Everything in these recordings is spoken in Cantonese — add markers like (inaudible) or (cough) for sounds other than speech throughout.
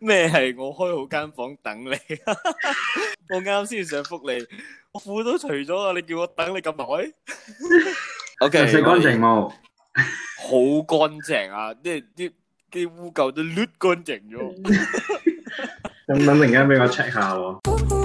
咩係我開好間房等你？ (laughs) 我啱先想覆你，我褲都除咗啊！你叫我等你咁耐？O K，洗乾淨冇？ (laughs) okay, 乾淨好乾淨啊，啲啲啲污垢都甩乾淨咗。咁 (laughs) (laughs) 等陣間俾我 check 下喎。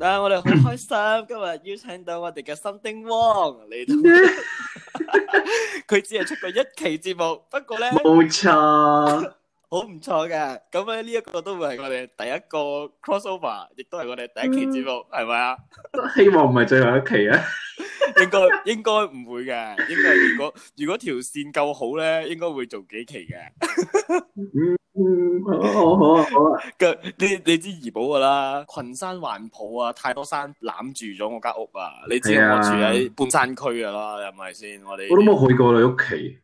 啊！但我哋好開心，今日邀請到我哋嘅 Something Wong 嚟到，佢 (laughs) (laughs) 只係出過一期節目，不過呢，冇錯。好唔錯嘅，咁咧呢一個都會係我哋第一個 crossover，亦都係我哋第一期節目，係咪啊？是吧 (laughs) 希望唔係最後一期啊！ (laughs) 應該應該唔會嘅，應該，應該如果如果條線夠好咧，應該會做幾期嘅。 (laughs) 嗯，好啊好啊，咁 (laughs) 你你知怡寶噶啦，群山環抱啊，太多山攬住咗我間屋啊！你知我住喺半山區噶啦，係咪先？我哋我都冇去過你屋企。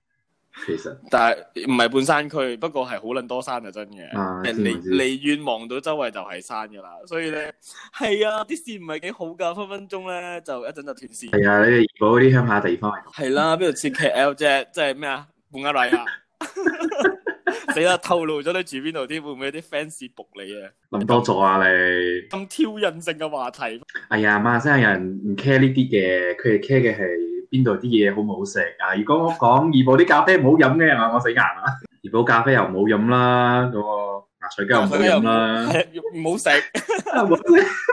其實，但係唔係半山區，不過係好捻多山啊！真嘅你，離離遠望到周圍就係山噶啦，所以咧係啊，啲線唔係幾好噶，分分鐘咧就一陣就斷線。係啊，你哋保嗰啲鄉下地方係啦，邊度切 K L 啫，即係咩啊？換下嚟啊！死啦，透露咗你住邊度啲，會唔會啲 fans 搏你啊？諗多咗啊你！咁挑釁性嘅話題，哎呀，馬山人唔 care 呢啲嘅，佢哋 care 嘅係。邊度啲嘢好唔好食啊？如果我講怡寶啲咖啡唔好飲嘅，我死硬啦！怡寶咖啡又唔好飲啦，嗰個牙菜膠又唔好飲啦，唔好食。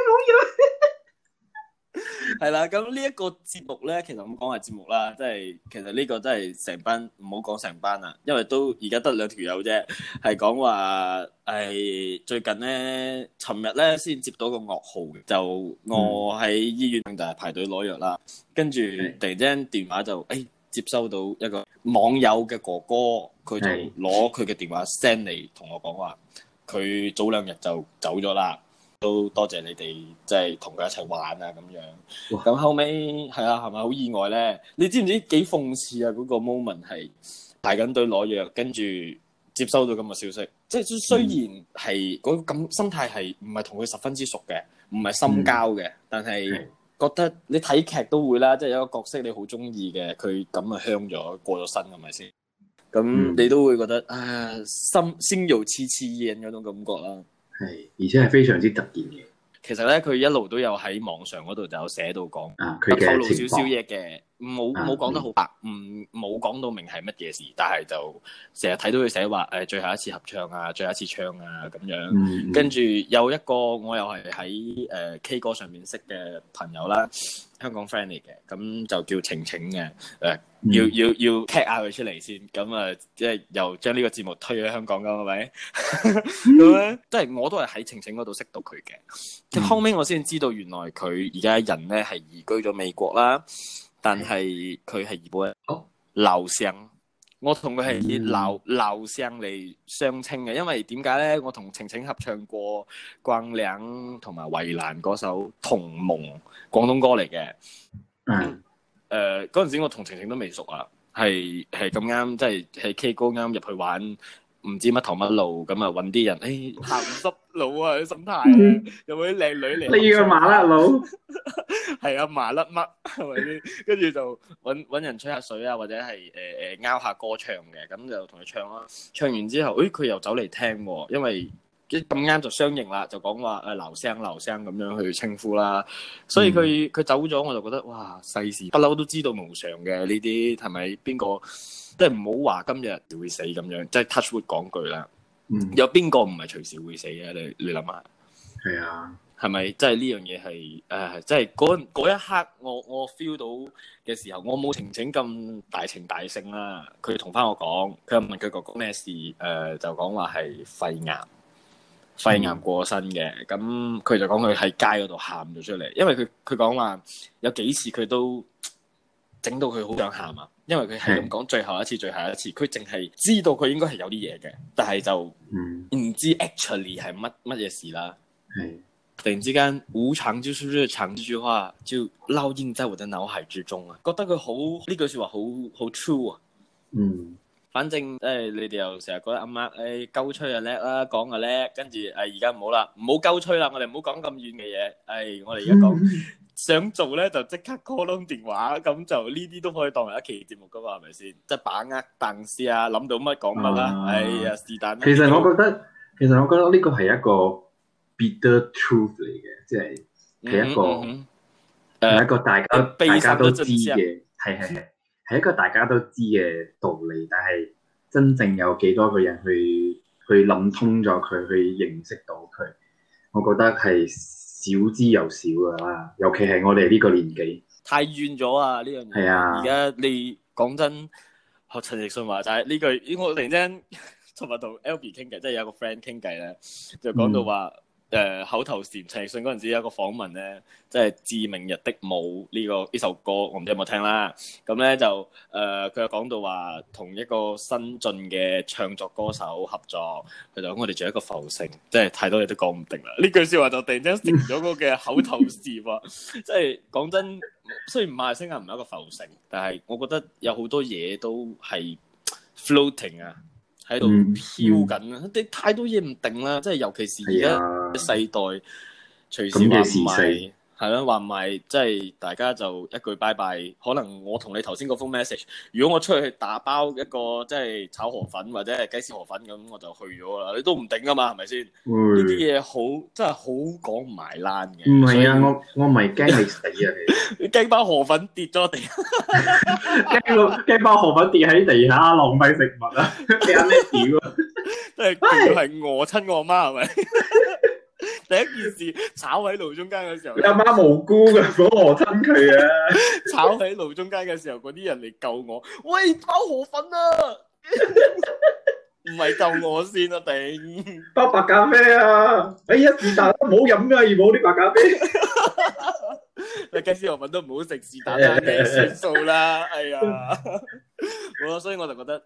係啦，咁呢一個節目咧，其實咁講係節目啦，即係其實呢個真係成班，唔好講成班啦，因為都而家得兩條友啫，係講話係最近咧，尋日咧先接到個噩耗嘅，就我喺醫院就係排隊攞藥啦，跟住突然間電話就誒、哎、接收到一個網友嘅哥哥，佢就攞佢嘅電話 send 嚟同我講話，佢早兩日就走咗啦。都多謝你哋，即係同佢一齊玩啊咁樣。咁後尾係啊，係咪好意外咧？你知唔知幾諷刺啊？嗰個 moment 係排緊隊攞藥，跟住接收到咁嘅消息。即係雖然係嗰咁心態係唔係同佢十分之熟嘅，唔係深交嘅，但係覺得你睇劇都會啦，即係有個角色你好中意嘅，佢咁啊香咗過咗身，係咪先？咁你都會覺得啊、哎，心先油似刺刺，嗰種感覺啦。係，而且係非常之突然嘅。其實呢，佢一路都有喺網上嗰度就有寫到講，啊，佢透露少少嘢嘅。 (noise) 冇冇講得好白，唔冇講到明係乜嘢事，但係就成日睇到佢寫話誒最後一次合唱啊，最後一次唱啊咁樣，跟住有一個我又係喺誒 K 歌上面識嘅朋友啦，香港 friend 嚟嘅，咁就叫晴晴嘅，誒、嗯、要要要 catch 下佢出嚟先，咁啊即係又將呢個節目推咗香港咁，係咪？咁 (laughs) 咧呢，即係、嗯、我都係喺晴晴嗰度識到佢嘅，後尾我先知道原來佢而家人咧係移居咗美國啦。但係佢係二部人，劉聲、哦，我同佢係劉劉聲嚟相稱嘅，因為點解咧？我同晴晴合唱過《逛嶺》同埋《圍欄》嗰首《同盟》廣東歌嚟嘅。嗯，誒、呃，嗰陣時我同晴晴都未熟啊，係係咁啱，即係喺 K 歌啱入去玩。唔知乜頭乜路咁啊，揾啲人，哎鹹 (laughs) 濕佬啊啲心態、啊、有冇啲靚女嚟？呢個、 (laughs) (laughs) 啊、馬甩佬，係啊馬甩乜，係咪先？跟住就揾揾人吹下水啊，或者係誒誒撓下歌唱嘅，咁就同佢唱啦。唱完之後，誒、哎、佢又走嚟聽喎、啊，因為。一咁啱就相認啦，就講話誒，劉生劉生咁樣去稱呼啦。所以佢佢、嗯、走咗，我就覺得哇，世事不嬲都知道無常嘅呢啲係咪？邊個即係唔好話今日就會死咁樣，即係 touch wood 講句啦。嗯、有邊個唔係隨時會死嘅？你你諗下係啊？係咪即係呢樣嘢係誒？即係嗰一刻我我 feel 到嘅時候，我冇情情咁大情大性啦、啊。佢同翻我講，佢又問佢哥哥咩事誒、呃？就講話係肺癌。肺癌過身嘅，咁佢就講佢喺街嗰度喊咗出嚟，因為佢佢講話有幾次佢都整到佢好想喊啊，因為佢係咁講，最後一次，的最後一次，佢淨係知道佢應該係有啲嘢嘅，但係就唔知 actually 係乜乜嘢事啦。係的突然之間，無常就是常，這句話就烙印在我的腦海之中啊，覺得佢好呢句說話好好 true 啊。嗯。反正誒，你哋又成日覺得啱啱誒鳩吹又叻啦，講又叻，跟住誒而家唔好啦，唔好鳩吹啦，我哋唔好講咁遠嘅嘢。誒，我哋而家講想做咧，就即刻 call 通電話，咁就呢啲都可以當為一期節目噶嘛，係咪先？即係把握彈事啊，諗到乜講乜啦。哎呀，是但。其實我覺得，其實我覺得呢個係一個 bitter truth 嚟嘅，即係係一個係一個大家大家都知嘅，係係係。係一個大家都知嘅道，道理，但係真正有幾多個人去去諗通咗佢，去認識到佢，我覺得係少之又少噶啦。尤其係我哋呢個年紀，太遠咗啊！呢樣係啊，而家的你講真，學陳奕迅話就係呢句。咦，我突然間同埋同 Alby 傾偈，即係有個 friend 傾偈咧，就講到話。嗯誒、呃、口頭禪，陳奕迅嗰陣時有一個訪問咧，即係《致明日的舞》呢、這個呢首歌，我唔知有冇聽啦。咁、嗯、咧就誒，佢、呃、又講到話同一個新晉嘅唱作歌手合作，佢就講我哋做一個浮城，即係太多嘢都講唔定啦。呢句説話就突然之間成咗個嘅口頭禪喎。即係 (laughs) 講真，雖然馬來西亞唔係一個浮城，但係我覺得有好多嘢都係 floating 啊，喺度飄緊啊！你、hmm。太多嘢唔定啦，即係尤其是而家。一世代隨時，隨時話唔係，係啦話唔係，即係大家就一句拜拜。可能我同你頭先嗰封 message，如果我出去打包一個即係炒河粉或者係雞絲河粉咁，我就去咗啦。你都唔頂㗎嘛，係咪先？呢啲嘢好真係好講唔埋爛嘅。唔係啊，我我唔係驚你死啊，你驚包 (laughs) 河粉跌咗地下，驚驚包河粉跌喺地下，浪費食物啊？驚咩屌啊？即係餓親我阿媽係咪？ (laughs) 第一件事，炒喺路中間嘅時候，你阿媽無辜嘅，我何親佢啊？炒喺路中間嘅時候，嗰啲人嚟救我，喂，包河粉啊！唔係救我先啊，頂！包白咖啡啊，哎呀，士達都唔好飲噶，而家啲白咖啡。你雞絲河粉都唔好食，是但啦算數啦，哎呀，好啦，所以我就覺得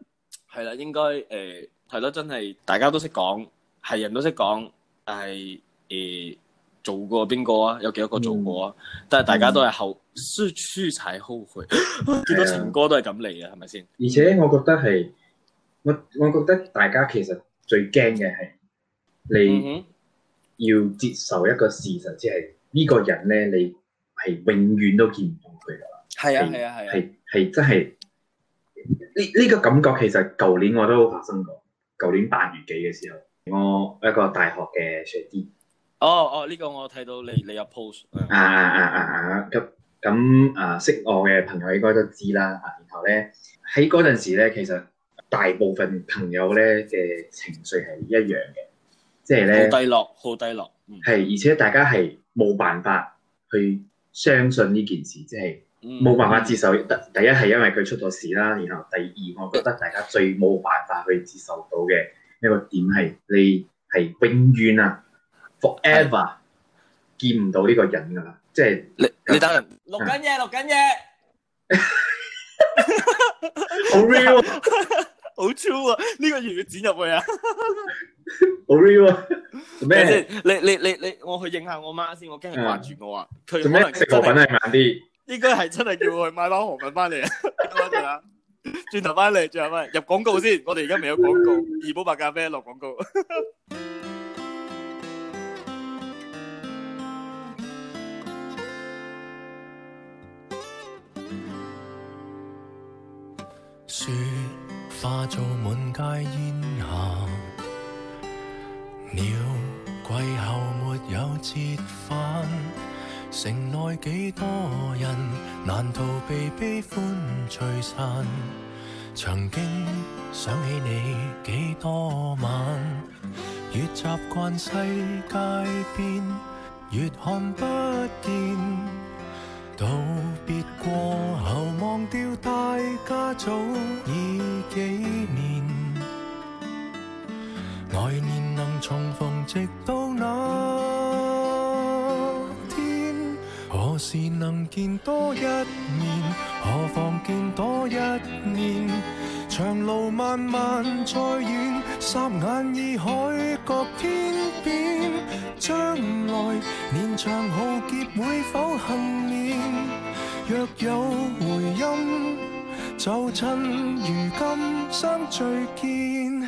係啦，應該誒，係咯，真係大家都識講，係人都識講，但係。誒、欸，做過邊個啊？有幾多個做過啊？但係大家都係後輸輸才後悔，見 (laughs) 到情歌都係咁嚟嘅，係咪先？是是而且我覺得係，我我覺得大家其實最驚嘅係，你要接受一個事實，即係呢個人咧，你係永遠都見唔到佢噶啦。係啊係啊係啊，係係是是真係呢呢個感覺，其實舊年我都發生過。舊年八月幾嘅時候，我一個大學嘅學弟。哦哦，呢、oh，個我睇到你你有 post 啊啊啊啊啊，咁咁啊，識我嘅朋友應該都知啦啊，然後咧，喺嗰陣時咧，其實大部分朋友咧嘅情緒係一樣嘅，即係咧好低落，好低落，係、嗯、而且大家係冇辦法去相信呢件事，即係冇辦法接受。嗯、第一係因為佢出咗事啦，然後第二我覺得大家最冇辦法去接受到嘅一個點係你係永遠啊！Forever 見唔到呢個人㗎啦，即係你你等錄緊嘢，錄緊嘢，好 real，好 true 啊！呢個要唔要剪入去啊？好 real 啊！咩？你你你你，我去應下我媽先，我驚佢掛住我啊！佢可能食個粉係硬啲，應該係真係叫我去買包河粉翻嚟啊！轉頭翻嚟，轉頭翻嚟入廣告先，我哋而家未有廣告，怡寶白咖啡落廣告。雪化做滿街煙霞，鳥季後沒有折返。城內幾多人難逃避悲歡聚散。曾經想起你幾多晚，越習慣世界變，越看不見。道別過後忘掉大家早已紀念，來年能重逢直到那天，何時能見多一面？何妨見多一面？長路漫漫再遠，眨眼已海角天邊。將來連場浩劫會否幸免？若有回音，就趁如今相聚見。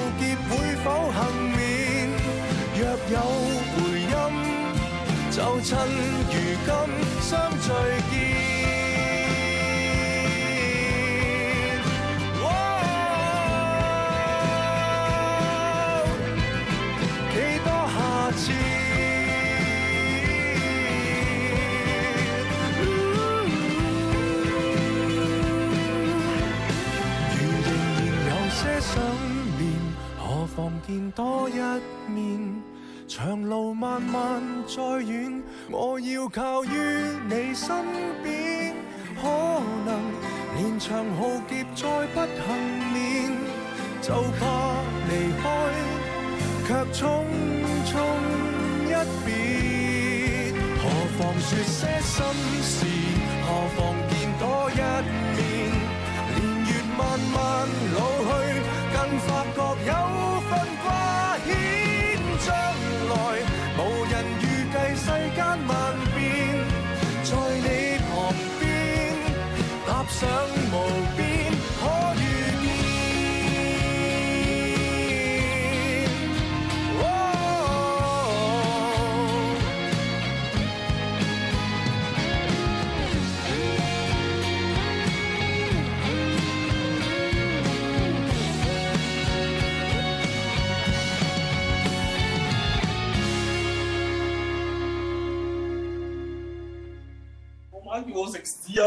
趁如今相聚見，幾多下次、嗯？如仍然有些想念，何妨見多一面？長路漫漫再遠，我要靠於你身邊，可能連場浩劫再不幸免，就怕離開，卻匆匆一別，何妨說些心事，何妨見多一面。年月慢慢老去，更發覺有份關。千萬在你旁邊，踏上無邊。 (music) 我食屎啊！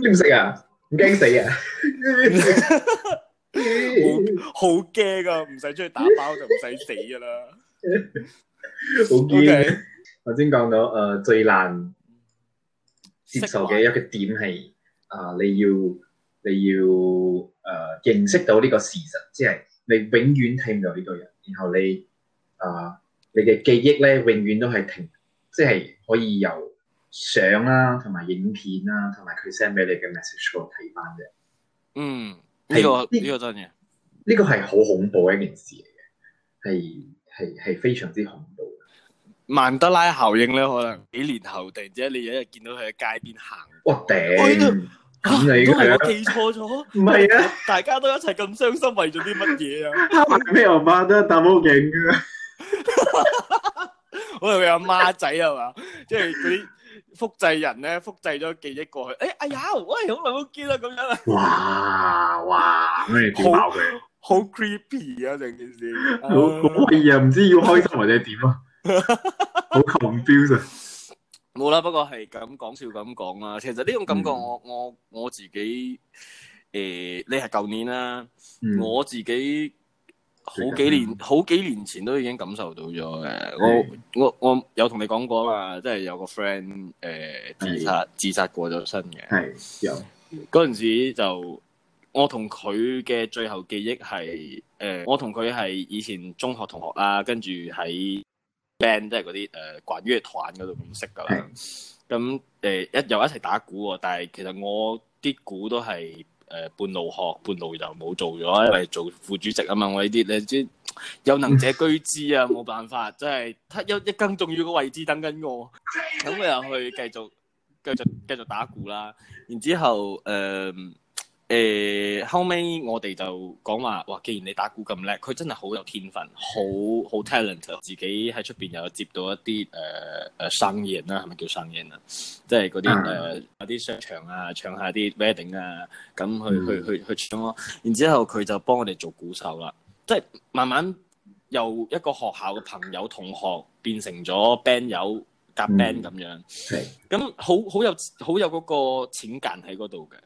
你唔食啊？唔驚死啊？好驚啊！唔使出去打包就唔使死㗎啦。好驚。頭先講到誒最難接受嘅一個點係啊，你要你要誒認識到呢個事實，即係你永遠睇唔到呢個人，然後你啊你嘅記憶咧永遠都係停。即係可以由相啦、啊，同埋影片啦、啊，同埋佢 send 俾你嘅 message 嗰度睇翻啫。嗯，呢、這個呢、欸、個真嘅，呢個係好恐怖嘅一件事嚟嘅，係係係非常之恐怖。曼德拉效應咧，可能幾年後突然之間，你一日見到佢喺街邊行，我頂。你都係我記錯咗，唔係、哦這個、啊？大家都一齊咁傷心為、啊，為咗啲乜嘢啊咩話曼德拉打冇影㗎。可能佢有孖仔啊嘛，即係嗰啲複製人咧，複製咗記憶過去。誒、哎，哎呀，喂，好耐冇見啦，咁、欸、樣啦、嗯。哇哇，咁樣吊好，好 creepy 啊！成件事。好、嗯，係啊，唔知要開心或者點啊。 (laughs) 好恐怖啊！冇啦，不過係咁講笑咁講啦。其實呢種感覺我，我我、嗯、我自己誒，你係舊年啦，我自己。呃好幾年，好幾年前都已經感受到咗嘅。我的我我，我有同你講過嘛，即係有個 friend 誒自殺，自殺的過咗身嘅係。有嗰陣時就我同佢嘅最後記憶係誒、呃，我同佢係以前中學同學啦，啊，跟住喺 band 即係嗰啲誒管樂團嗰度識噶啦。咁、呃、誒的、呃、一又一齊打鼓，哦，但係其實我啲鼓都係。誒、呃、半路學半路又冇做咗，因為做副主席啊嘛，我呢啲你知有能者居之啊，冇辦法，真係一一一更重要嘅位置等緊我，咁我又去繼續繼續繼續打鼓啦，然之後誒。呃誒後尾我哋就講話，哇！既然你打鼓咁叻，佢真係好有天分，好好 talent。Tal ent，自己喺出邊又接到一啲誒誒生應啦生意，係、呃、咪叫生意啊？即係嗰啲誒嗰啲商場啊，唱下啲 wedding 啊，咁去去去去唱咯。然之後佢就幫我哋做鼓手啦，即、就、係、是、慢慢由一個學校嘅朋友同學變成咗 band 友夾 band 咁樣，咁、uh. 好好有好有嗰個錢間喺嗰度嘅。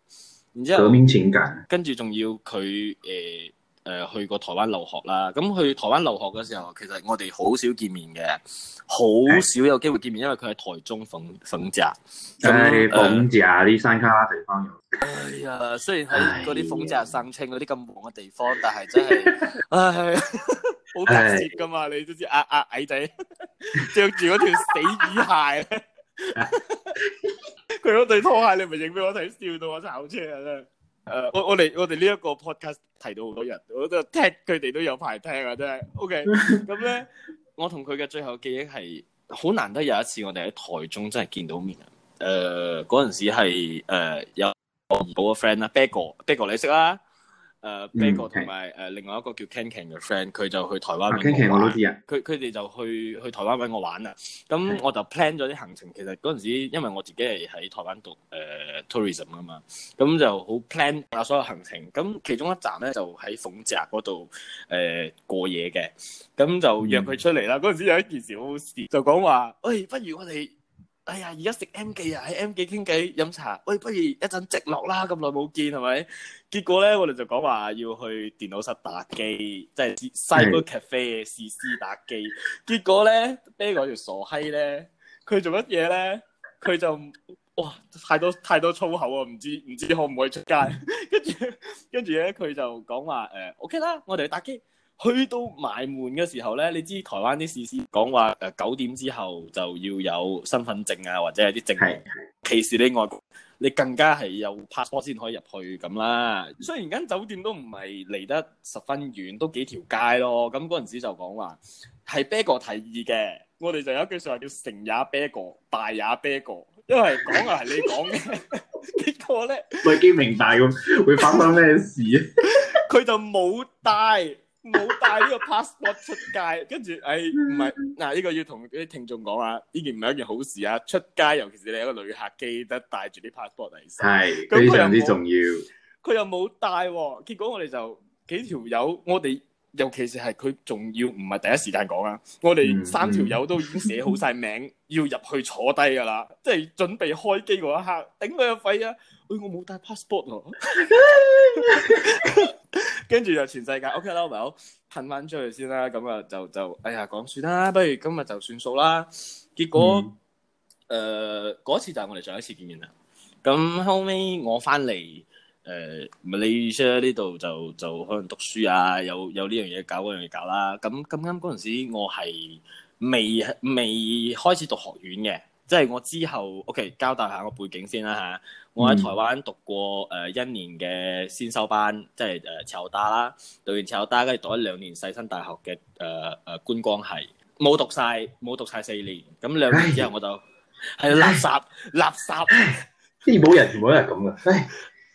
兩面錢噶，跟住仲要佢誒誒去過台灣留學啦。咁、嗯、去台灣留學嘅時候，其實我哋好少見面嘅，好少有機會見面，因為佢喺台中鳳鳳澤。喺鳳澤啊，啲、嗯、山、欸、卡拉地方。哎呀，雖然喺嗰啲鳳澤啊山青嗰啲咁黃嘅地方，哎、呀但係真係，唉，好貼切噶嘛！哎、呀你都知、啊啊啊，矮矮矮仔着住嗰條死魚鞋。 (laughs) (laughs) 佢嗰對拖鞋，你咪影俾我睇，笑到我炒車啊！真係，誒、uh,，我我哋我哋呢一個 podcast 提到好多人，我都聽佢哋都有排聽啊！真係，OK，咁咧， (laughs) 我同佢嘅最後記憶係好難得有一次我哋喺台中真係見到面啊！誒、uh,，嗰陣時係有我唔到嘅 friend 啦 Big 哥，Big 哥你識啦。誒，Ben 哥同埋誒，另外一個叫 Ken Ken 嘅 friend，佢就去台灣揾我玩。佢佢哋就去去台灣揾我玩啦。咁我就 plan 咗啲行程。其實嗰陣時，因為我自己係喺台灣讀誒、呃、tourism 啊嘛，咁就好 plan 下所有行程。咁其中一站咧就喺鳳澤嗰度誒過夜嘅，咁就約佢出嚟啦。嗰陣、嗯、時有一件事好好笑，就講話誒，不如我哋。哎呀，而家食 M 記啊，喺 M 記傾偈飲茶。喂，不如一陣直落啦，咁耐冇見，係咪？結果咧，我哋就講話要去電腦室打機，即係 Cyber Cafe 試試打機。結果咧，啤哥條傻閪咧，佢做乜嘢咧？佢就哇太多太多粗口啊！唔知唔知可唔可以出街？ (laughs) 跟住跟住咧，佢就講話誒 OK 啦，我哋去打機。去到埋門嘅時候咧，你知台灣啲事先講話誒，九點之後就要有身份證啊，或者有啲證明，的其實你外國，你更加係有拍拖先可以入去咁啦。雖然間酒店都唔係離得十分遠，都幾條街咯。咁嗰陣時就講話係 Bago 提議嘅，我哋就有一句說話叫成也 Bago，敗也 Bago，因為講啊係你講嘅 (laughs) (laughs) (laughs) 結果咧，佢已經明大會會發生咩事，佢 (laughs) (laughs) 就冇帶。冇帶呢個 passport 出街，跟住，哎，唔係嗱，呢、啊呢個要同啲聽眾講啊，呢件唔係一件好事啊！出街，尤其是你一個旅客，記得帶住啲 passport 嚟，係非常之重要。佢又冇帶、啊，結果我哋就幾條友，我哋尤其是係佢，仲要唔係第一時間講啊！我哋三條友都已經寫好晒名， (laughs) 要入去坐低噶啦，即係準備開機嗰一刻，頂佢個肺啊！哎，我冇帶 passport 啊！ (laughs) (laughs) 跟住就全世界，OK 啦，好，噴翻出去先啦，咁啊就就，就哎呀講算啦，不如今日就算數啦。結果，誒嗰、嗯呃、次就係我哋上一次見面啦。咁後尾我翻嚟，誒馬來西亞呢度就就可能讀書啊，有有呢樣嘢搞嗰樣嘢搞啦。咁咁啱嗰陣時我係未未開始讀學院嘅。即係我之後，OK，交代下我背景先啦吓，嗯、我喺台灣讀過誒一年嘅先修班，即係誒朝潮大啦，讀完潮大跟住讀咗兩年世新大學嘅誒誒觀光系，冇讀晒，冇讀晒四年。咁兩年之後我就係唉垃圾，唉垃圾。啲冇人全部都係咁噶。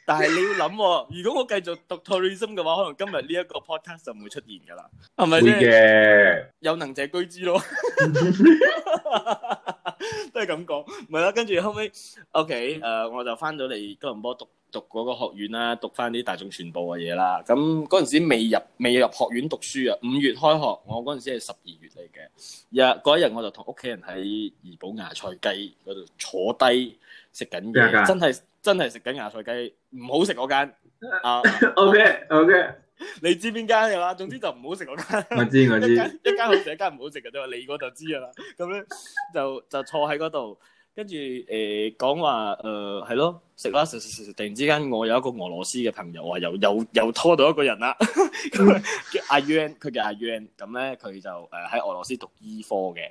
但係你要諗喎、哦，如果我繼續讀 tourism 嘅話，可能今日呢一個 podcast 就唔會出現㗎啦，係咪先？會嘅，有能者居之咯， (laughs) (laughs) (laughs) 都係咁講，咪啦。跟住後尾 OK 誒，我就翻咗嚟吉隆坡讀讀嗰個學院啦，讀翻啲大眾傳播嘅嘢啦。咁嗰陣時未入未入學院讀書啊，五月開學，我嗰陣時係十二月嚟嘅。日嗰一日我就同屋企人喺怡寶芽菜雞嗰度坐低食緊嘢，的真係真係食緊芽菜雞。唔好食嗰間啊，OK OK，你知邊間嘅啦，總之就唔好食嗰間。我知我知，一間好食，一間唔好食嘅啫。 (laughs) 你嗰度知啊啦，咁咧就就坐喺嗰度，跟住誒講話誒係咯，食啦食食食食。突然之間，我有一個俄羅斯嘅朋友話又又又，又拖到一個人啦， (laughs) 叫阿 Yan，佢叫阿 Yan。咁咧佢就誒喺俄羅斯讀醫科嘅，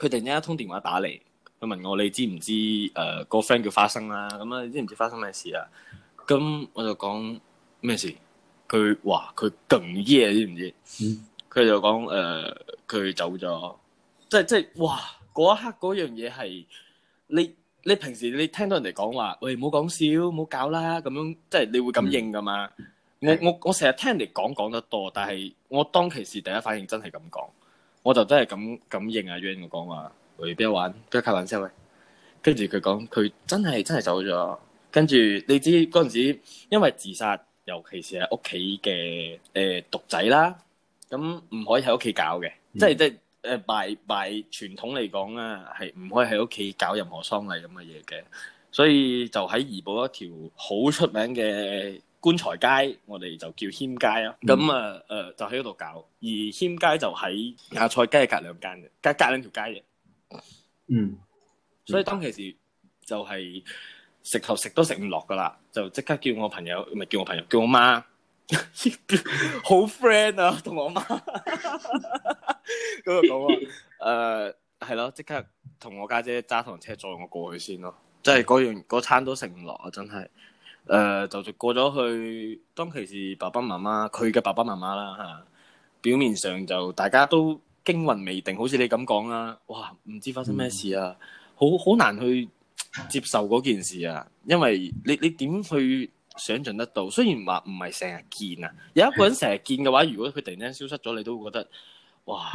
佢突然間一通電話打嚟，佢問我，你知唔知誒、呃、個 friend 叫花生啦？咁啊，你知唔知發生咩事啊？咁我就講咩事？佢話佢勁耶，知唔知？佢就講誒，佢、呃、走咗。即係即係，哇！嗰一刻嗰樣嘢係你你平時你聽到人哋講話，喂，唔好講笑，唔好搞啦，咁樣即係你會咁應噶嘛？嗯、我我我成日聽人哋講講得多，但係我當其時第一反應真係咁講，我就真係咁咁應阿 Yan 我講話，去邊玩？跟住開玩笑嘅，跟住佢講佢真係真係走咗。跟住你知嗰陣時，因為自殺，尤其是係屋企嘅誒獨仔啦，咁唔可以喺屋企搞嘅，嗯、即係即誒拜拜傳統嚟講啊，係唔可以喺屋企搞任何喪禮咁嘅嘢嘅，所以就喺怡保一條好出名嘅棺材街，我哋就叫謙街啊，咁啊誒就喺嗰度搞，而謙街就喺亞賽街隔兩間嘅，隔隔兩條街嘅，嗯，所以當其時就係、是。食後食都食唔落噶啦，就即刻叫我朋友，咪叫我朋友，叫我媽， (laughs) 好 friend 啊，同我媽咁啊講啊，誒係咯，即刻同我家姐揸堂車載我過去先咯，即係嗰樣嗰餐都食唔落啊，真係，誒就就過咗去，當其時爸爸媽媽佢嘅爸爸媽媽啦吓，表面上就大家都驚魂未定，好似你咁講啦，哇唔知發生咩事啊，嗯、好好難去。接受嗰件事啊，因為你你點去想象得到？雖然話唔係成日見啊，有一個人成日見嘅話，如果佢突然間消失咗，你都會覺得哇，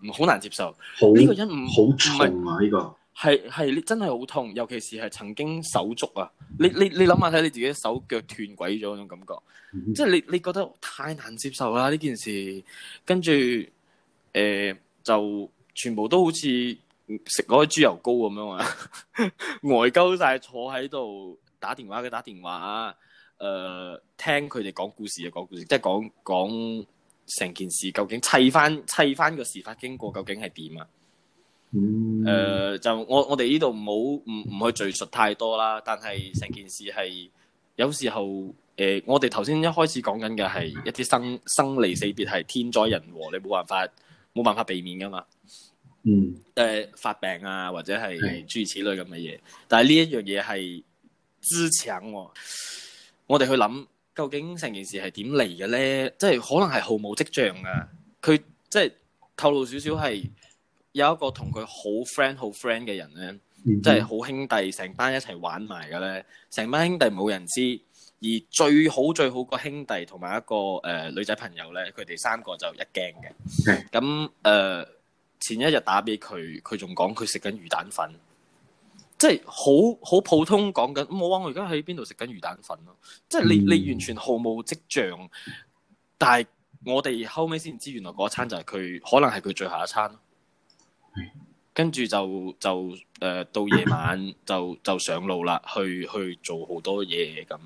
唔好難接受。呢好個人唔好痛啊，呢個係係你真係好痛，尤其是係曾經手足啊。你你你諗下睇你自己手腳斷鬼咗嗰種感覺，即係你你覺得太難接受啦呢件事。跟住誒就全部都好似食嗰啲豬油膏咁樣啊， (laughs) 呆鳩晒坐喺度打電話嘅打電話，誒、呃，聽佢哋講故事啊，講故事，即係講講成件事究竟砌翻砌翻個事發經過究竟係點啊？誒、呃，就我我哋呢度唔好唔唔去敘述太多啦，但係成件事係有時候誒、呃，我哋頭先一開始講緊嘅係一啲生生離死別，係天災人禍，你冇辦法冇辦法避免噶嘛。嗯，誒、呃，發病啊，或者係諸如此類咁嘅嘢，嗯、但係呢一樣嘢係滋長。我哋去諗，究竟成件事係點嚟嘅呢？即係可能係毫無跡象噶。佢即係透露少少，係有一個同佢好 friend、好 friend 嘅人呢，即係、嗯嗯、好兄弟，成班一齊玩埋嘅呢。成班兄弟冇人知，而最好最好個兄弟同埋一個誒、呃、女仔朋友呢，佢哋三個就一驚嘅。咁誒。前一日打俾佢，佢仲講佢食緊魚蛋粉，即係好好普通講緊。冇、話、我我而家喺邊度食緊魚蛋粉咯，即係你你完全毫無跡象。但係我哋後尾先知，原來嗰一餐就係佢，可能係佢最後一餐咯。跟住就就誒、呃、到夜晚就就上路啦，去去做好多嘢咁，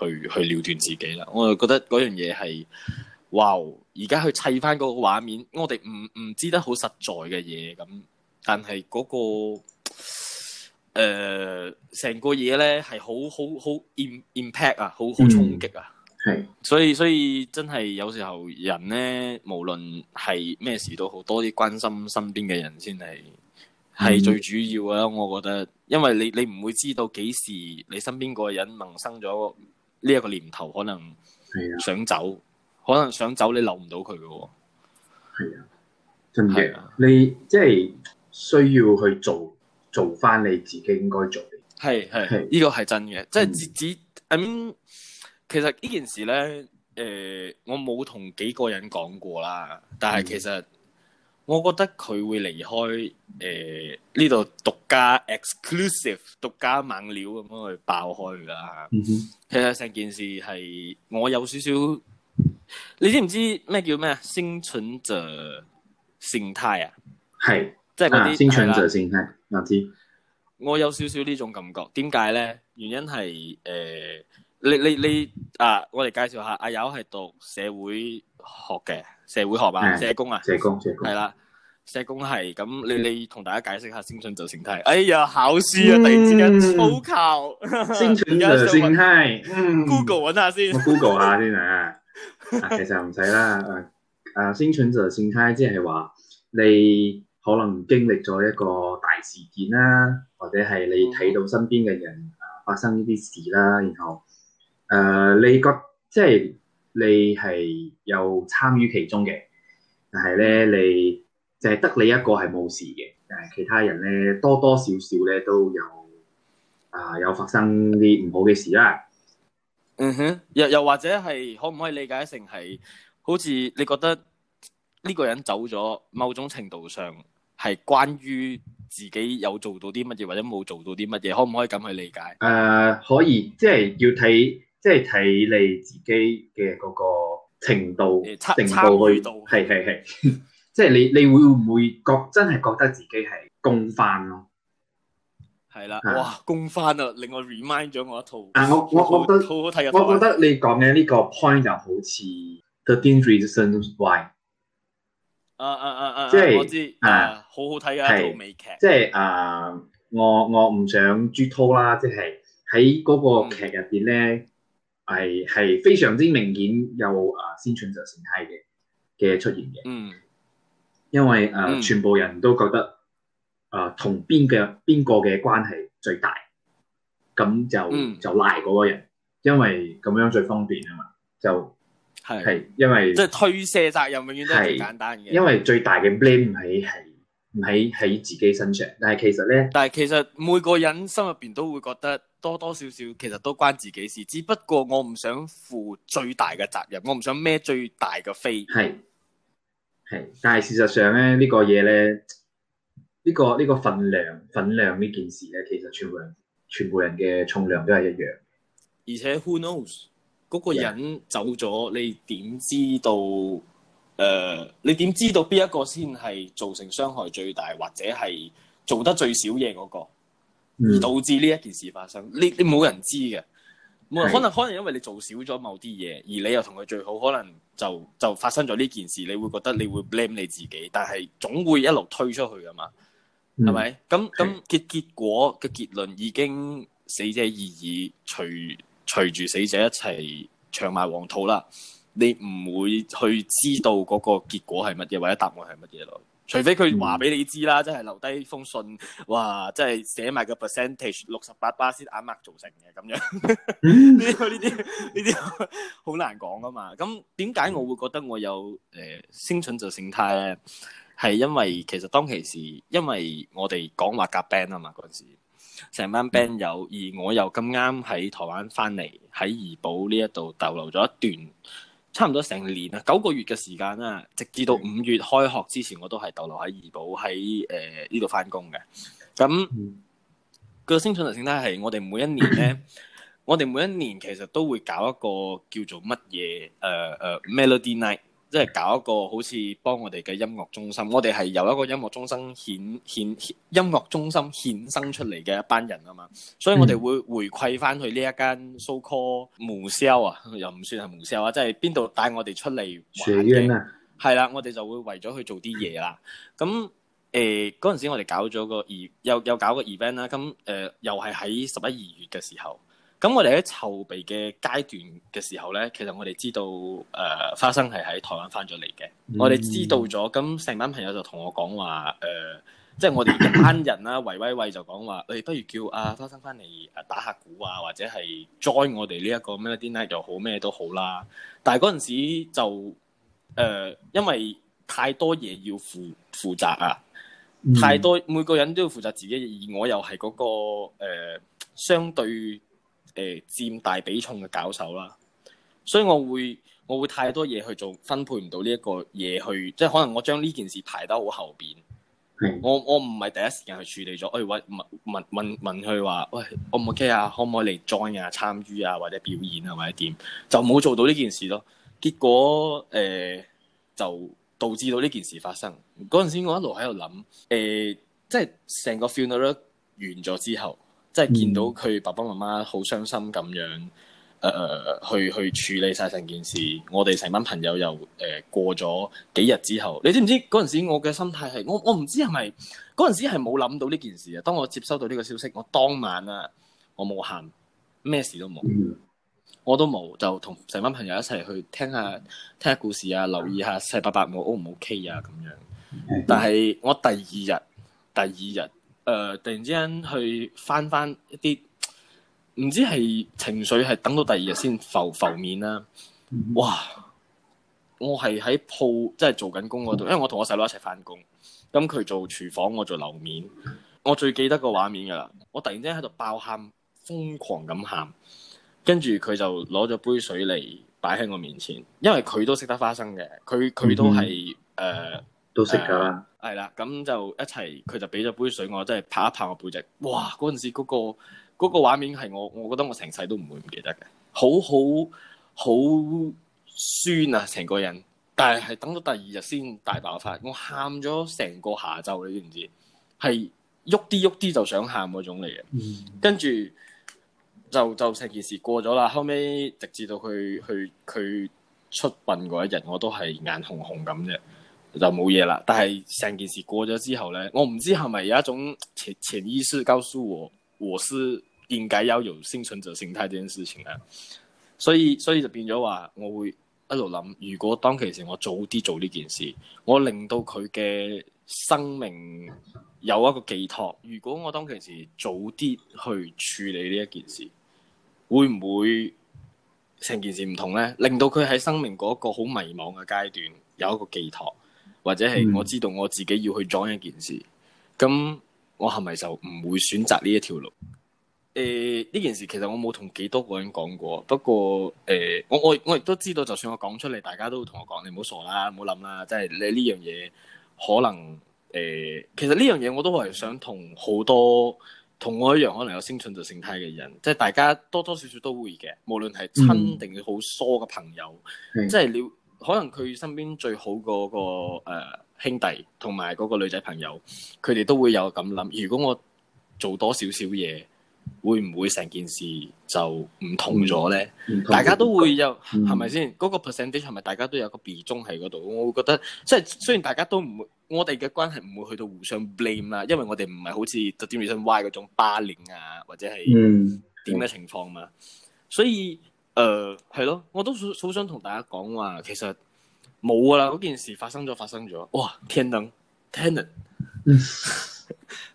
去去了斷自己啦。我就覺得嗰樣嘢係。哇！而家、wow, 去砌翻嗰個畫面，我哋唔唔知得好實在嘅嘢咁，但係嗰、嗰個成、呃、個嘢咧係好好好 impact 啊，好好衝擊啊、嗯，所以所以真係有時候人咧，無論係咩事都好多啲關心身邊嘅人先係係最主要啊。我覺得，因為你你唔會知道幾時你身邊嗰個人萌生咗呢一個念、呢個、頭，可能想走。可能想走，你留唔到佢嘅喎，係啊，真嘅，啊、你即係需要去做做翻你自己應該做，係係係，呢個係真嘅，即係只只咁。嗯、指 I mean, 其實呢件事咧，誒、呃，我冇同幾個人講過啦，但係其實我覺得佢會離開誒，呢度獨家 exclusive 獨家猛料咁樣去爆開噶啦。嗯、哼其實成件事係我有少少。你知唔知咩叫咩啊？幸存者心態啊，係即係嗰啲幸存者心態，我知。我有少少呢種感覺，點解咧？原因係誒、呃，你你你啊，我哋介紹下阿友係讀社會學嘅，社會學啊，社工啊，社工社工係啦，社工係咁，你你同大家解釋下幸存者心態。哎呀，考試啊，突然之間抽考，幸、嗯、存者心態、嗯嗯、Google 下先，Google 下先啊。 (noise) (noise) (laughs) 啊，其實唔使啦，誒、啊、誒，先、啊、蠢就先睇，即係話你可能經歷咗一個大事件啦，或者係你睇到身邊嘅人發生呢啲事啦，然後誒、啊，你覺即係、就是、你係有參與其中嘅，但係咧你就係、是、得你一個係冇事嘅，但係，其他人咧多多少少咧都有啊，有發生啲唔好嘅事啦。嗯哼，又又或者係可唔可以理解成係，好似你覺得呢個人走咗，某種程度上係關於自己有做到啲乜嘢或者冇做到啲乜嘢，可唔可以咁去理解？誒、呃，可以，即係要睇，即係睇你自己嘅嗰個程度、嗯、差程度去，係係係，即係你你會唔會覺真係覺得自己係共犯咯？係啦，哇，公翻啦，令我 remind 咗我一套。啊、我我我覺得好好睇，我覺得你講嘅呢個 point 就好似13 Reasons Why、啊。啊啊啊啊！即係、就是、啊，我知啊，好好睇嘅一套美劇。即係、就是、啊，我我唔想劇透啦，即係喺嗰個劇入邊咧，係係、嗯、非常之明顯有啊先存在形態嘅嘅出現嘅。嗯。因為誒、啊，全部人都覺得、嗯。啊，同邊嘅邊個嘅關係最大，咁就、嗯、就賴嗰個人，因為咁樣最方便啊嘛，就係係是因為即係推卸責任，永遠都係簡單嘅。因為最大嘅 blame 唔係唔喺喺自己身上，但係其實咧，但係其實每個人心入邊都會覺得多多少少其實都關自己事，只不過我唔想負最大嘅責任，我唔想孭最大嘅飛。係係，但係事實上咧，這個、呢個嘢咧。呢、這個呢、這個份量份量呢件事咧，其實全部人全部人嘅重量都係一樣。而且 who knows 嗰個人走咗，Yeah. 你點知道？誒、呃，你點知道邊一個先係造成傷害最大，或者係做得最少嘢嗰、那個，而、mm. 導致呢一件事發生？呢你冇人知嘅，冇人可能可能因為你做少咗某啲嘢，而你又同佢最好，可能就就發生咗呢件事，你會覺得你會 blame 你自己，但係總會一路推出去㗎嘛。係咪？咁咁結結果嘅結論已經死者而已，隨隨住死者一齊長埋黃土啦。你唔會去知道嗰個結果係乜嘢或者答案係乜嘢咯？除非佢話俾你知啦，即係、嗯、留低封信，哇！即係寫埋個 percentage 六十八巴仙壓麥造成嘅咁樣。呢啲呢啲呢啲好難講噶嘛？咁點解我會覺得我有誒生存就生態咧？係因為其實當其時，因為我哋講話夾 band 啊嘛，嗰陣時成班 band 友，而我又咁啱喺台灣翻嚟，喺怡保呢一度逗留咗一段差唔多成年啊，九個月嘅時間啦，直至到五月開學之前，我都係逗留喺怡保喺誒呢度翻工嘅。咁個生產特性咧係我哋每一年咧， (coughs) 我哋每一年其實都會搞一個叫做乜嘢誒誒、呃呃、Melody Night。即係搞一個好似幫我哋嘅音樂中心，我哋係由一個音樂中心衍衍，衍，衍音樂中心衍生出嚟嘅一班人啊嘛，所以我哋會回饋翻去呢一間 so call 無 sell 啊，又唔算係無 sell 啊，即係邊度帶我哋出嚟玩嘅？係啦，我哋就會為咗去做啲嘢啦。咁誒嗰陣時我，我哋搞咗個二、e 呃，又又搞個 event 啦。咁誒又係喺十一二月嘅時候。咁我哋喺籌備嘅階段嘅時候咧，其實我哋知道，誒、呃、花生係喺台灣翻咗嚟嘅。Mm hmm. 我哋知道咗，咁成班朋友就同我講話，誒、呃，即、就、係、是、我哋一班人啦、啊， (coughs) 維維維就講話，你不如叫阿、啊、花生翻嚟誒打下鼓啊，或者係 join 我哋呢一個咩 dinner 又好咩都好啦。但係嗰陣時就誒、呃，因為太多嘢要負負責啊，太多每個人都要負責自己，而我又係嗰、那個、呃、相對。誒，佔、呃、大比重嘅搞手啦，所以我會我會太多嘢去做，分配唔到呢一個嘢去，即係可能我將呢件事排得好後邊，我我唔係第一時間去處理咗，喂、哎，問問問問佢話，喂、哎，可唔可以啊？可唔可以嚟 join 啊？參與啊？或者表演啊？或者點？就冇做到呢件事咯。結果誒、呃，就導致到呢件事發生。嗰陣時，我一路喺度諗，誒、呃，即係成個 funeral 完咗之後。即係見到佢爸爸媽媽好傷心咁樣，誒、呃、去去處理晒成件事。我哋成班朋友又誒、呃、過咗幾日之後，你知唔知嗰陣時我嘅心態係我我唔知係咪嗰陣時係冇諗到呢件事啊？當我接收到呢個消息，我當晚啊，我冇喊，咩事都冇，我都冇就同成班朋友一齊去聽下聽下故事啊，留意下細伯伯冇 O 唔 OK 啊咁樣。但係我第二日第二日。誒、呃，突然之間去翻翻一啲，唔知係情緒係等到第二日先浮浮面啦。哇！我係喺鋪即係做緊工嗰度，因為我同我細佬一齊返工，咁佢做廚房，我做樓面。我最記得個畫面㗎喇，我突然之間喺度爆喊，瘋狂咁喊，跟住佢就攞咗杯水嚟擺喺我面前，因為佢都識得花生嘅，佢佢都係誒。嗯嗯呃都識噶，係啦、uh，咁就一齊，佢就俾咗杯水我，即係拍一拍我背脊。哇，嗰陣時嗰個嗰個畫面係我，我覺得我成世都唔會唔記得嘅，好好好酸啊，成個人。但係係等到第二日先大爆發，我喊咗成個下晝，你知唔知？係喐啲喐啲就想喊嗰種嚟嘅，跟住就就成件事過咗啦。後尾直至到去去佢出殯嗰一日，我都係眼紅紅咁啫。就冇嘢啦。但係成件事過咗之後呢，我唔知係咪有一種潛潛意識告訴我，我是應該要有幸存者心態呢件事情嘅。所以，所以就變咗話，我會一路諗，如果當其時我早啲做呢件事，我令到佢嘅生命有一個寄託。如果我當其時早啲去處理呢一件事，會唔會成件事唔同呢？令到佢喺生命嗰個好迷茫嘅階段有一個寄託。或者係我知道我自己要去裝、嗯、一件事，咁我係咪就唔會選擇呢一條路？誒、呃、呢件事其實我冇同幾多個人講過，不過誒、呃、我我我亦都知道，就算我講出嚟，大家都會同我講：你唔好傻啦，唔好諗啦，即係你呢樣嘢可能誒、呃。其實呢樣嘢我都係想同好多同我一樣可能有星存就性態嘅人，即係大家多多少少都會嘅，無論係親定好疏嘅朋友，即係、嗯、你。可能佢身邊最好嗰、嗰個、呃、兄弟同埋嗰個女仔朋友，佢哋都會有咁諗。如果我做多少少嘢，會唔會成件事就唔同咗呢？嗯、大家都會有係咪先？嗰、嗯嗰個 percentage 係咪大家都有個備中喺嗰度？我會覺得即係雖然大家都唔會，我哋嘅關係唔會去到互相 blame 啊，因為我哋唔係好似特點 reason why 嗰種霸凌啊，或者係點嘅情況嘛，嗯、所以。誒，係咯、uh，我都好想同大家講話。其實冇噶啦，嗰件事發生咗。發生咗，哇，天能，Tenet，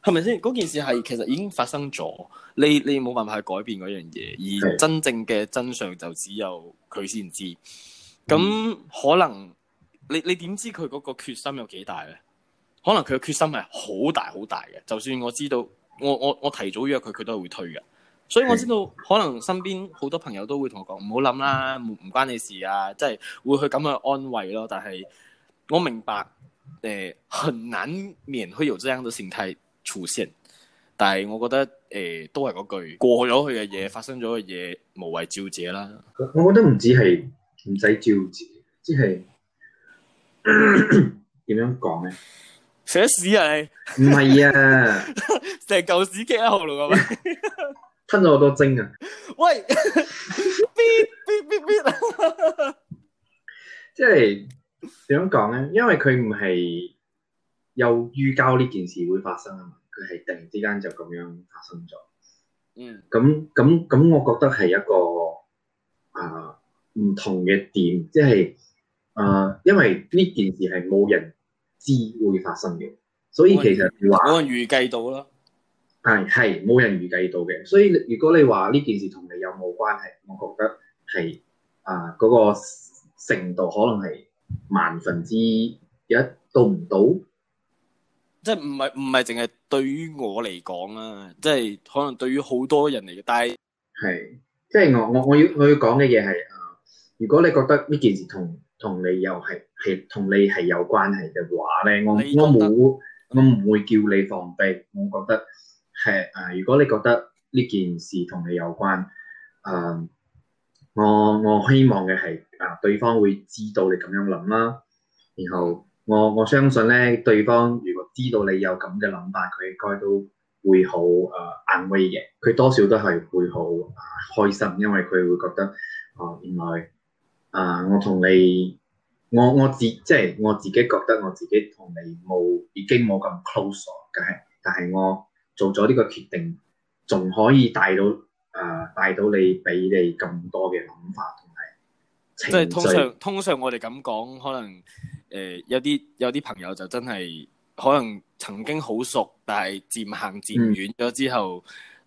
係咪先？嗰 (laughs) 件事係其實已經發生咗，你你冇辦法去改變嗰樣嘢，而真正嘅真相就只有佢先知。咁可能你你點知佢嗰個決心有幾大咧？可能佢嘅決心係好大好大嘅，就算我知道，我我我提早約佢，佢都係會推嘅。所以我知道可能身邊好多朋友都會同我講，唔好諗啦，唔唔、嗯、關你事啊，即、就、係、是、會去咁樣安慰咯。但係我明白，誒、呃，很難免會有這樣的形態出現。但係我覺得誒、呃，都係嗰句，過咗去嘅嘢，發生咗嘅嘢，無謂照謝啦。我覺得唔止係唔使照謝，即係點樣講咧？想屎啊你！你唔係啊？ (laughs) 成嚿屎傾喺後路啊！ (laughs) 吞咗好多精啊！喂， (laughs) (laughs) 邊邊邊邊即係點樣講咧？因為佢唔係有預交呢件事會發生啊嘛，佢係突然之間就咁樣發生咗。嗯，咁咁咁，我覺得係一個啊唔、呃、同嘅點，即係啊、呃，因為呢件事係冇人知會發生嘅，所以其實冇我預計到啦。係係冇人預計到嘅，所以如果你話呢件事同你有冇關係，我覺得係啊嗰個程度可能係萬分之一，到唔到？即係唔係唔係淨係對於我嚟講啊，即係可能對於好多人嚟嘅。但係係即係我我我要我要講嘅嘢係啊，如果你覺得呢件事同同你，你又係係同你係有關係嘅話咧，我我冇、嗯、我唔會叫你防備，我覺得。誒如果你覺得呢件事同你有關，誒、呃，我我希望嘅係啊，對方會知道你咁樣諗啦。然後我我相信咧，對方如果知道你有咁嘅諗法，佢應該都會好誒安慰嘅。佢、呃、多少都係會好誒、呃、開心，因為佢會覺得哦，原來啊，我同你，我我自即係我自己覺得，我自己同你冇已經冇咁 close 嘅，但係我。做咗呢個決定，仲可以帶到誒、呃、帶到你俾你更多嘅諗法同埋即係，通常，通常我哋咁講，可能誒、呃、有啲有啲朋友就真係可能曾經好熟，但係漸行漸遠咗之後，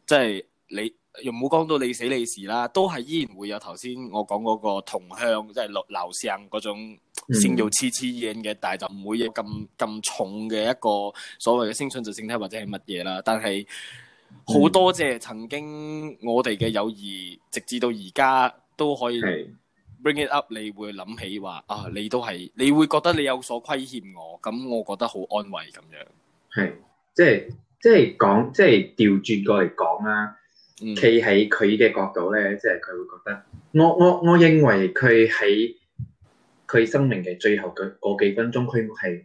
即係、嗯就是、你又唔好講到你死你事啦，都係依然會有頭先我講嗰個同鄉，即係樓樓上嗰種。先做次次嘅，但係就唔會有咁咁重嘅一個所謂嘅生存就剩低或者係乜嘢啦。但係好多謝曾經我哋嘅友誼，嗯、直至到而家都可以 bring it up。你會諗起話啊，你都係，你會覺得你有所虧欠我，咁我覺得好安慰咁樣。係，即係即係講，即係調轉過嚟講啦。企喺佢嘅角度咧，即係佢會覺得，我我我認為佢喺。佢生命嘅最後嘅嗰幾分鐘，佢係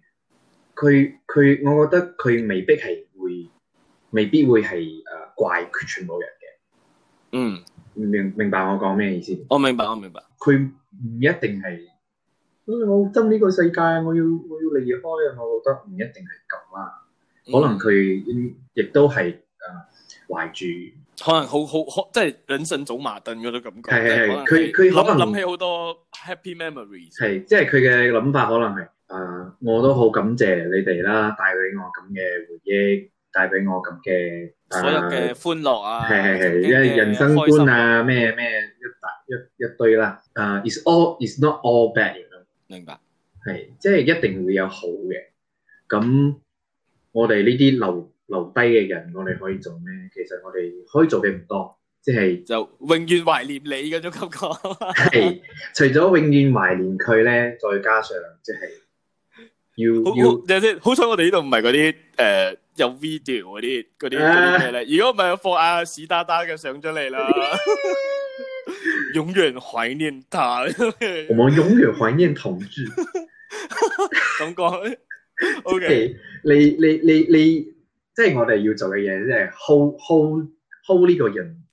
佢佢，我覺得佢未必係會，未必會係、呃、怪全部人嘅。嗯，明明白我講咩意思？我明白，我明白。佢唔一定係，所、呃、以我憎呢個世界，我要我要離開啊！我覺得唔一定係咁啦。可能佢亦都係誒懷住。呃可能好好，即係人生走馬燈嗰種感覺。係係係，佢佢可能諗起好多 happy memories。係，即係佢嘅諗法可能係，誒、呃，我都好感謝你哋啦，帶俾我咁嘅回憶，帶俾我咁嘅、呃、所有嘅歡樂啊。係係係，因為人生觀啊，咩咩、啊、一一一堆啦。誒、uh,，it's all it's not all bad、right? 明白。係，即係一定會有好嘅。咁我哋呢啲留留低嘅人，我哋可以做咩？其實我哋可以做嘅唔多，即、就、係、是、就永遠懷念你嗰種感覺。係， (laughs) 除咗永遠懷念佢咧，再加上即係要要。即係好彩，我哋呢度唔係嗰啲誒有 video 嗰啲嗰啲嚟。如果唔係放阿屎渣渣嘅上咗嚟啦。永遠懷念他。就是、我們永遠懷念同志。咁講。 (laughs) OK，你你你你。致 ering okay 致あの即係我哋要做嘅嘢，即係 hold hold hold 呢個人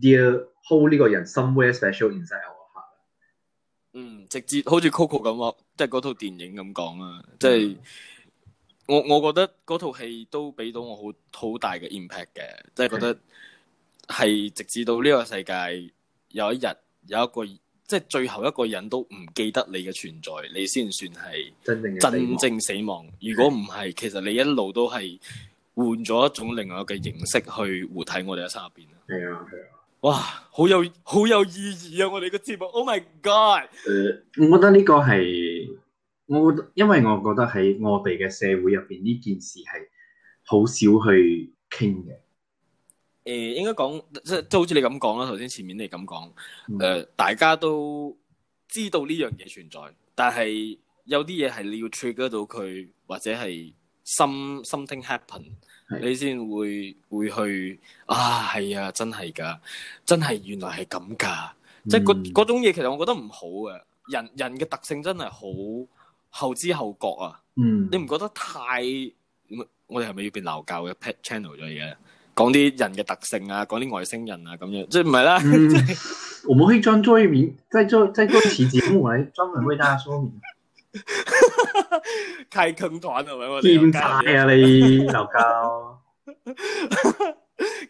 dear hold 呢個人，somewhere special in side 我心。嗯，直接好似 Coco 咁，即係嗰套電影咁講啦。Okay. 即係我我覺得嗰套戲都俾到我好好大嘅 impact 嘅，即係覺得係直至到呢個世界有一日有一個，即係最後一個人都唔記得你嘅存在，你先算係真正真正死亡。如果唔係，Okay. 其實你一路都係。換咗一種另外嘅形式去活睇我哋嘅生活入邊啊！係啊係啊！哇，好有好有意義啊！我哋嘅節目，Oh my God！誒、呃，我覺得呢個係，我因為我覺得喺我哋嘅社會入邊呢件事係好少去傾嘅。誒、呃，應該講即係，即係好似你咁講啦。頭先前面你咁講，誒、嗯呃，大家都知道呢樣嘢存在，但係有啲嘢係你要 trigger 到佢，或者係。Some, something happen，的你先會會去啊，係啊，真係㗎，真係原來係咁㗎，嗯、即係嗰種嘢其實我覺得唔好嘅，人人嘅特性真係好後知後覺啊，嗯、你唔覺得太？我哋係咪要變鬧交嘅 p t channel 咗嘢？講啲人嘅特性啊，講啲外星人啊咁樣，即係唔係啦？嗯， (laughs) 我們會專做一啲在做在做次節目來專門為大家說明。 (laughs) 太坑團啊！咪？我哋點解啊你就教，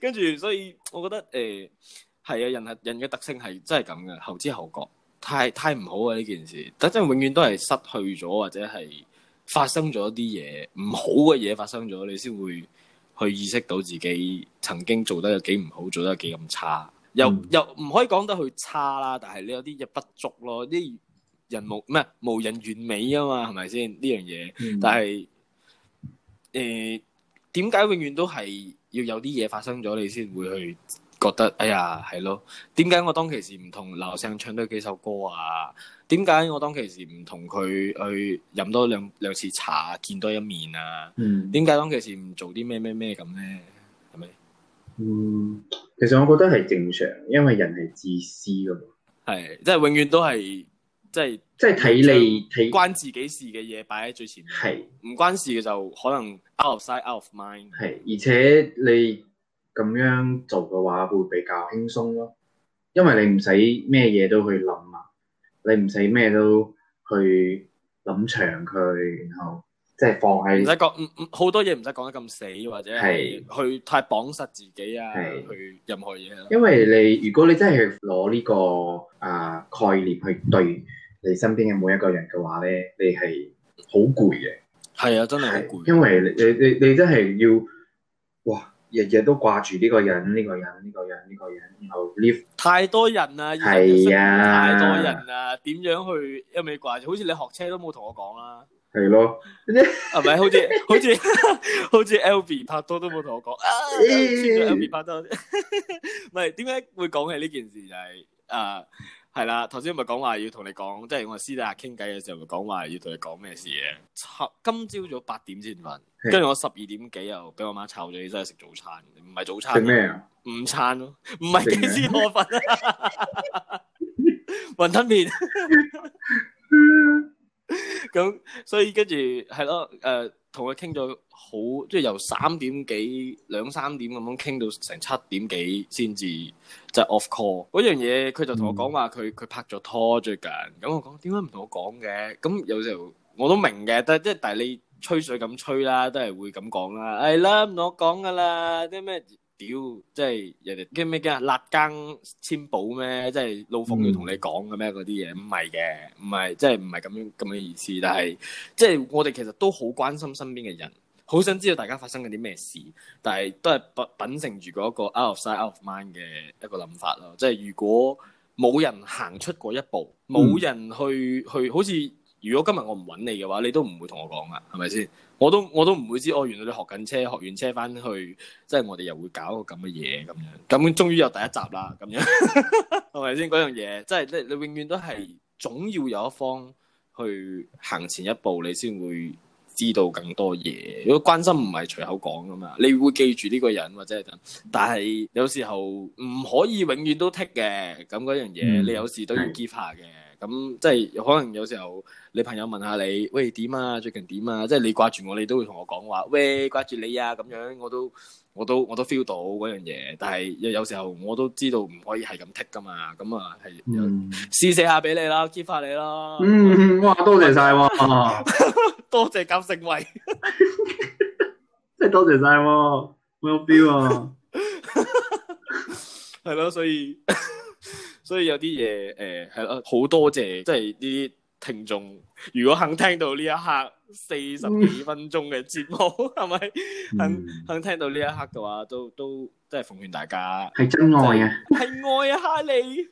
跟住所以我覺得誒係啊，人係人嘅特性係真係咁嘅後知後覺，太太唔好啊呢件事，但真係永遠都係失去咗或者係發生咗啲嘢，唔好嘅嘢發生咗，你先會去意識到自己曾經做得有幾唔好，做得有幾咁差，又、嗯、又唔可以講得去差啦，但係你有啲嘢不足咯啲。人無唔係無人完美啊嘛，係咪先呢樣嘢？嗯、但係誒點解永遠都係要有啲嘢發生咗，你先會去覺得哎呀係咯，點解我當其時唔同劉翔唱多幾首歌啊？點解我當其時唔同佢去飲多兩兩次茶、見多一面啊？點解、嗯、當其時唔做啲咩咩咩咁咧？係咪？嗯，其實我覺得係正常，因為人係自私噶嘛。係即係永遠都係。即係即係睇你睇關自己事嘅嘢擺喺最前面，唔是關事嘅就可能 out of sight out of mind。係而且你咁樣做嘅話會比較輕鬆咯，因為你唔使咩嘢都去諗啊，你唔使咩都去諗長佢，然後即係放喺唔使講，好、嗯嗯、多嘢唔使講得咁死或者係去太綁實自己啊，係是去任何嘢咯、啊。因為你如果你真係攞呢個啊、呃、概念去對。你身邊嘅每一個人嘅話咧，你係好攰嘅。係啊，真係好攰。因為你你你，你真係要哇，日日都掛住呢個人、呢、呢個人、呢、呢個人、呢、呢個人，然後 live 太多人啦。係啊，太多人啦，點、啊、樣去一味掛住？好似你學車都冇同我講啦。係是咯，係 (laughs) 咪、啊？好似好似好似 Elvis 拍拖都冇同我講啊。Elvis 拍拖，唔係點解會講起呢件事？就係、是、啊。係啦，頭先咪講話要同你講，即係我是私底下傾偈嘅時候，咪講話要同你講咩事嘅。今朝早八點先瞓，跟住的我十二點幾又俾我媽吵咗起身食早餐，唔係早餐，咩午餐咯，唔係幾先我瞓啊？雲什 (laughs) (laughs) 吞麵麵，咁 (laughs) 所以跟住係咯，誒。呃同佢傾咗好，即係由三點幾兩三點咁樣傾到成七點幾先至即係 off call。嗰樣嘢佢就同我講話佢佢拍咗拖最近。咁、嗯、我講點解唔同我講嘅？咁有時候我都明嘅，但係即係但係你吹水咁吹啦，都係會咁講啦。係、哎、啦，唔同我講噶啦，啲咩？屌，即係人哋驚咩驚啊？揦更千寶咩？即係老奉要同你講嘅咩？嗰啲嘢，唔係嘅，唔係即係唔係咁咁嘅意思。但係即係我哋其實都好關心身邊嘅人，好想知道大家發生緊啲咩事。但係都係品品承住嗰個 out of sight out of mind 嘅一個諗法咯。即係如果冇人行出過一步，冇人去、嗯、去，去好似。如果今日我唔揾你嘅話，你都唔會同我講㗎，係咪先？我都我都唔會知哦。原來你學緊車，學完車返去，即係我哋又會搞個咁嘅嘢咁樣。咁終於有第一集啦，咁樣係咪先？嗰 (laughs) 吧樣嘢即係你你永遠都係總要有一方去行前一步，你先會知道更多嘢。如果關心唔係隨口講㗎嘛，你會記住呢個人或者等。但係有時候唔可以永遠都剔嘅。咁嗰樣嘢，嗯、你有時都要 keep 下嘅。咁即係可能有時候你朋友問下你，喂，點啊？最近點啊？即係你掛住我你都會同我講，話喂，掛住你啊，咁樣我都我都我都 feel 到嗰樣嘢，但係有有時候我都知道唔可以係咁 tick 噶嘛，咁啊，係試寫下俾你啦，keep 下你咯。嗯，哇、嗯、多謝晒喎，多謝金盛維，即係多謝晒喎，好有 feel 啊。係咯，所以。 (laughs) 所以有啲嘢，誒係咯，好多謝，即係啲聽眾。如果肯聽到呢一刻四十幾分鐘嘅節目，係咪、嗯、 (laughs) 肯肯聽到呢一刻嘅話，都都都係奉勸大家。係真愛啊！係、就是、愛啊，哈利。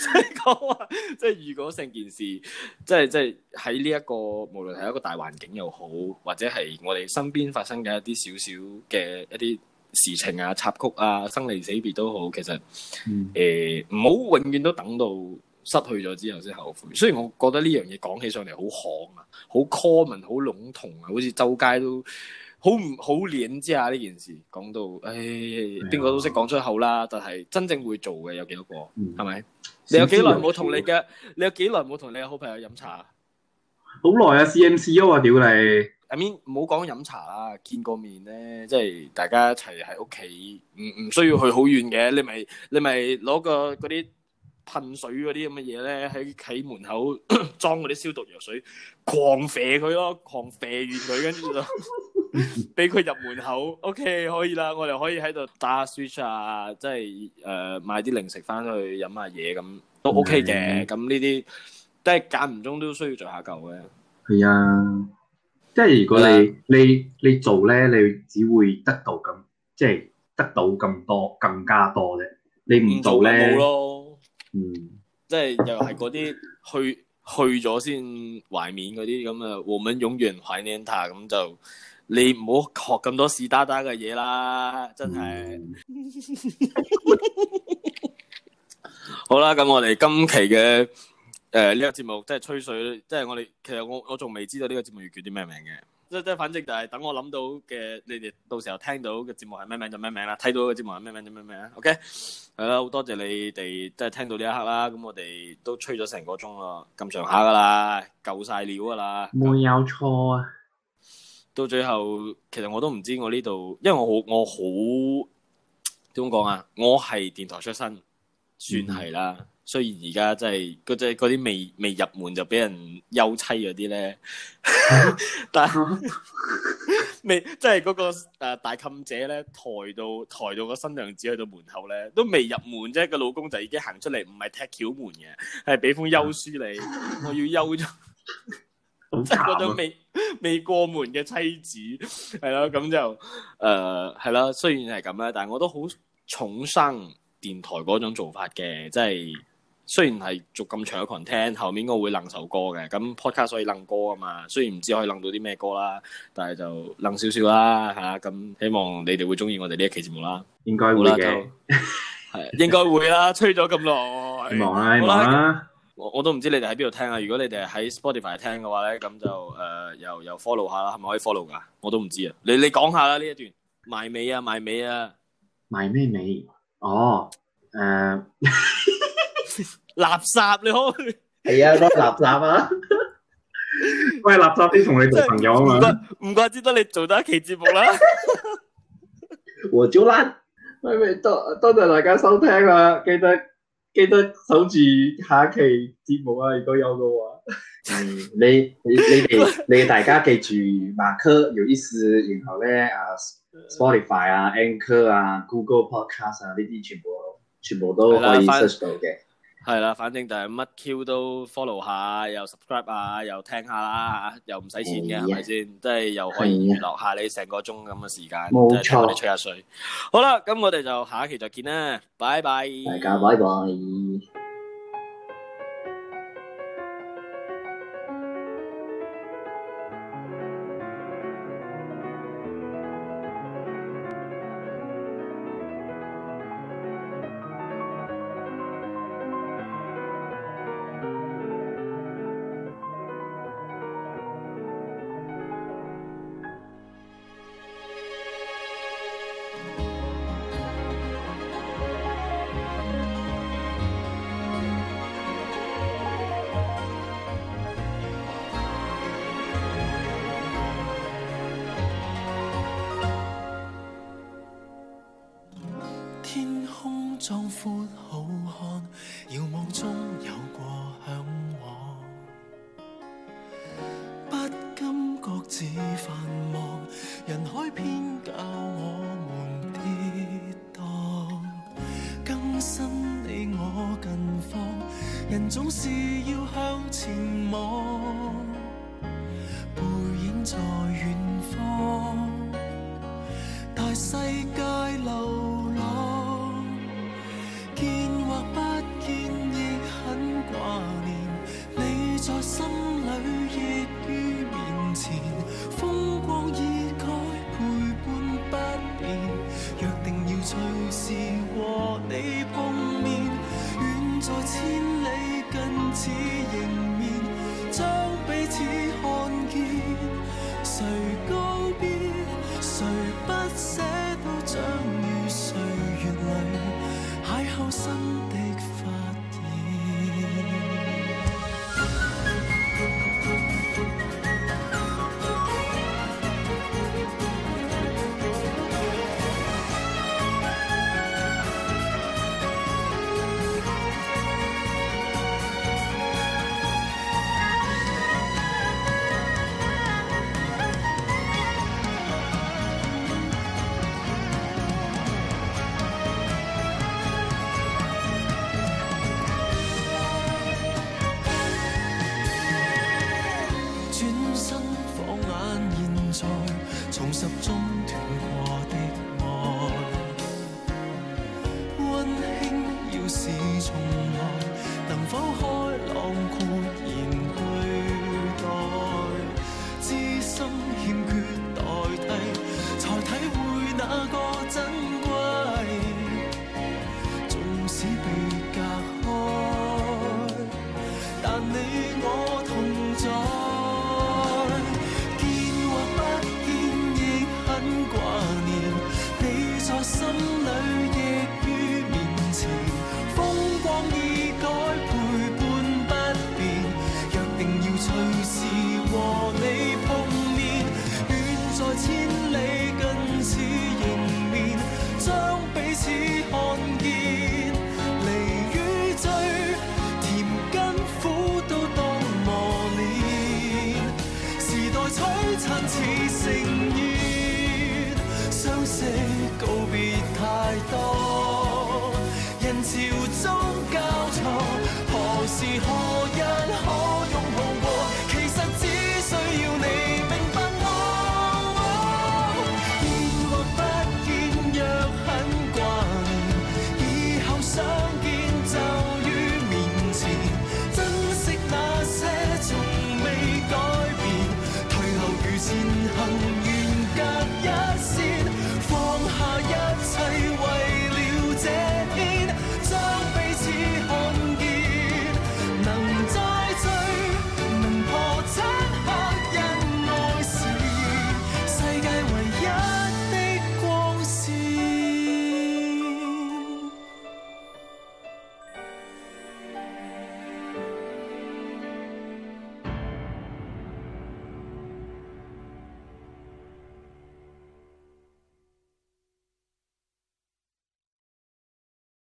所以講話，即係如果成件事，即係即係喺呢一個，無論係一個大環境又好，或者係我哋身邊發生嘅一啲少少嘅一啲。事情啊、插曲啊、生離死別都好，其實誒唔好永遠都等到失去咗之後先後悔。雖然我覺得呢樣嘢講起上嚟好巷啊，好 common、好籠統啊，好似周街都好唔好 link 之下呢件事講到，唉，邊個都識講出口啦，啊、但係真正會做嘅有幾多個？係咪、嗯？你有幾耐冇同你嘅？你有幾耐冇同你嘅好朋友飲茶？好耐啊 CMCO 啊！屌你！阿 m 唔好講飲茶啊！見個面咧，即係大家一齊喺屋企，唔唔需要去好遠嘅。你咪你咪攞個嗰啲噴水嗰啲咁嘅嘢咧，喺企門口裝嗰啲消毒藥水，狂射佢咯，狂射完佢，跟住就俾 (laughs) 佢入門口。OK，可以啦，我哋可以喺度打下 switch 啊，即係誒、呃、買啲零食翻去飲下嘢咁，都 OK 嘅。咁呢啲都係間唔中都需要聚下舊嘅。係啊。即係如果你的你你，你做咧，你只會得到咁，即係得到咁多，更加多啫。你唔做咧，冇咯。嗯，即係又係嗰啲去去咗先懷緬嗰啲咁啊，我們永遠懷念他。咁就你唔好學咁多屎呾呾嘅嘢啦，真係。嗯、 (laughs) (laughs) 好啦，咁我哋今期嘅。誒，呢個節目即係吹水，即係我哋，其實我我仲未知道呢個節目要叫啲咩名嘅。即即係反正就係等我諗到嘅，你哋到時候聽到嘅節目係咩名就咩名啦，睇到嘅節目係咩名就咩名啦。OK，係、嗯、啦，好多謝你哋即係聽到呢一刻啦。咁我哋都吹咗成個鐘咯，咁上下噶啦，夠晒料噶啦，冇有錯啊。到最後，其實我都唔知我呢度，因為我好我，我好點講啊，我係電台出身，嗯、算係啦。雖然而家真係嗰隻啲未未入門就俾人休妻嗰啲咧，但係未即係嗰個大襟姐咧，抬到抬到個新娘子去到門口咧，都未入門啫，個老公就已經行出嚟，唔係踢轎門嘅，係俾封休書你，我要休咗。即係嗰種未、啊、未過門嘅妻子係咯，咁就誒係啦。雖然係咁啦，但係我都好重視電台嗰種做法嘅，即係。雖然係做咁長一群聽，後面應該會楞首歌嘅，咁 podcast 可以楞歌啊嘛，雖然唔知可以楞到啲咩歌啦，但係就楞少少啦吓，咁、啊、希望你哋會中意我哋呢一期節目啦，應該會啦，係 (laughs) 應該會啦，吹咗咁耐，希望啦，看看我我都唔知你哋喺邊度聽啊，如果你哋喺 Spotify 聽嘅話咧，咁就誒、呃、又又 follow 下啦，係咪可以 follow 噶、啊？我都唔知啊，你你講下啦呢一段，埋尾啊埋尾啊，埋咩尾？哦，誒、oh, uh。 (laughs) 垃圾，你好，係 (laughs) 啊、哎，都係垃圾啊！ (laughs) 喂，垃圾先同 (laughs) 你做朋友啊嘛，唔怪之得你做多一期節目啦。和朱蘭，咁咪多多謝大家收聽啦、啊，記得記得守住下一期節目啊！如果有嘅話，嗯、你你你哋你， (laughs) 你大家記住，馬克、有意思，然後咧啊，Spotify 啊、Sp 啊、Anchor 啊、Google Podcast 啊，呢啲全部全部都可以 search 到嘅。係啦，反正就係乜 Q 都 follow 下，又 subscribe 啊，又聽下啦、啊，又唔使錢嘅，係咪先？即係又可以留下你成個鐘咁嘅時間，即係幫你吹下水。沒錯 好啦，咁我哋就下一期再見啦，拜拜，大家拜拜。